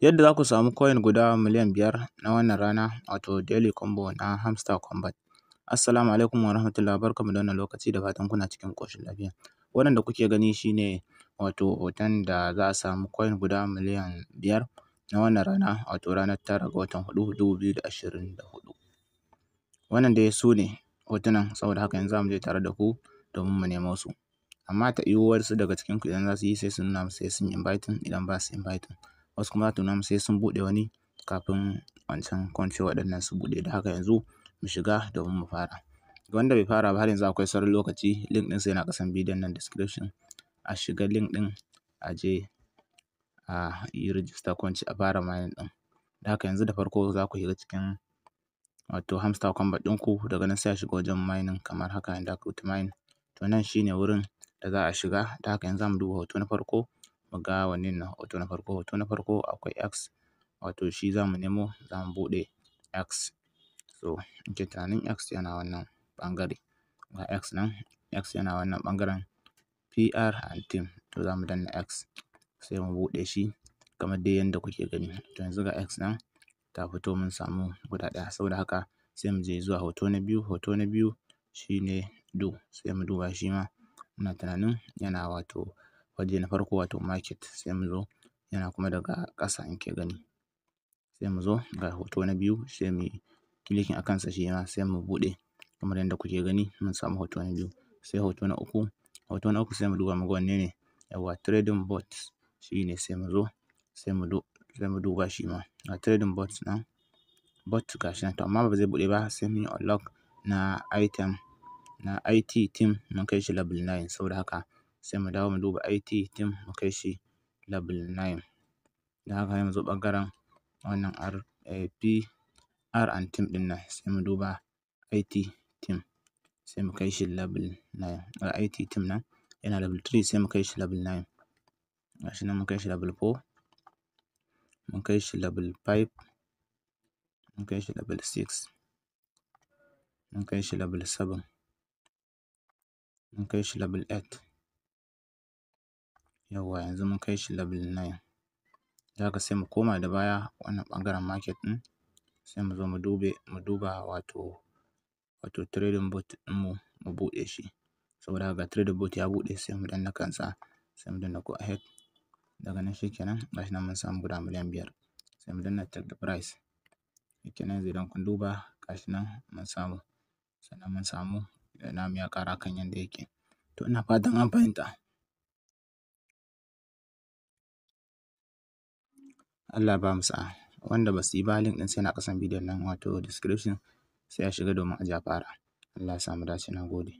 Yadda za ku samu coin guda miliyan biyar na wannan rana wato daily combo na hamster combat. Assalamu alaikum wa rahmatullah barkanmu da wannan lokaci da fatan kuna cikin ƙoshin lafiya. Wannan da kuke gani shi ne wato hoton da za a samu coin guda miliyan biyar na wannan rana wato ranar tara ga watan huɗu dubu biyu da ashirin da huɗu. Wannan dai su ne hotunan saboda haka yanzu za mu je tare da ku domin mu nemo su. Amma ta yiwuwar su daga cikinku idan za su yi sai su nuna mu sai sun yi inviting idan ba su inviting. Wasu kuma za ta nuna sai sun buɗe wani kafin wancan ko ince waɗannan su buɗe. da haka yanzu mu shiga domin mu fara. Ga wanda bai fara ba har yanzu akwai sauran lokaci. Link ɗinsa yana ƙasan bidiyon nan description. A shiga link ɗin a je a yi register ko ince a fara mining ɗin. Don haka yanzu da farko za ku shiga cikin wato hamster combat ɗinku daga nan sai a shiga wajen mining kamar haka yanda aka rubuta mining To nan shine wurin da za a shiga. Don haka yanzu za mu duba hoto na farko. mu ga wannan na hoto na farko. Hoto na farko akwai X wato shi za mu nemo za mu buɗe X. So muke tunanin X yana wannan ɓangare. Ga X nan X yana wannan ɓangaren PR and team to za mu danna X sai mu buɗe shi kamar dai yadda kuke gani. To yanzu ga X nan ta fito mun samu guda ɗaya saboda haka sai mu je zuwa hoto na biyu. Hoto na biyu shi ne do sai mu duba shi ma muna tunanin yana wato waje na farko wato market sai mu zo yana kuma daga ƙasa in ke gani sai mu zo ga hoto na biyu sai mu yi a kansa shi ma sai mu buɗe kamar yadda kuke gani mun samu hoto na biyu sai hoto na uku hoto na uku sai mu duba mu ga wanne ne yawwa trading bot shi ne sai mu zo sai mu sai mu duba shi ma ga trading bot nan bot ga shi nan to amma ba zai buɗe ba sai mun yi unlock na item na IT team mun kai shi level 9 saboda haka sai mu dawo mu duba IT team mu kai shi level nine. Da haka zo ɓangaren wannan R, eh, P R and team ɗin nan sai mu duba IT team sai mu kai shi level nine. IT team nan yana level three sai mu kai shi level nine. Gashi nan mun kai shi level four, mun kai shi level five, mun kai shi level six, mun kai shi level seven, mun kai shi level eight. Yauwa yanzu mun kai shi level 9. haka sai mu koma da baya wannan ɓangaren market ɗin sai mu zo mu dube mu duba wato wato trading ɗin mu mu buɗe shi. Saboda haka ga trading boat ya buɗe sai mu danna kansa sai mu danna go ahead. Daga nan shikenan gashi nan mun samu guda miliyan biyar. Sai mu danna check the price. Shikenan yanzu idan kun duba gashi nan mun samu. Sannan mun samu eh, namu ya ƙara kan yanda yake. To ina fatan an fahimta. Allah ba mu sa'a. Wanda ba su yi ba link ɗin sai na ƙasan bidiyon nan wato description sai a shiga domin a ji fara. Allah ya sa mu dace na gode.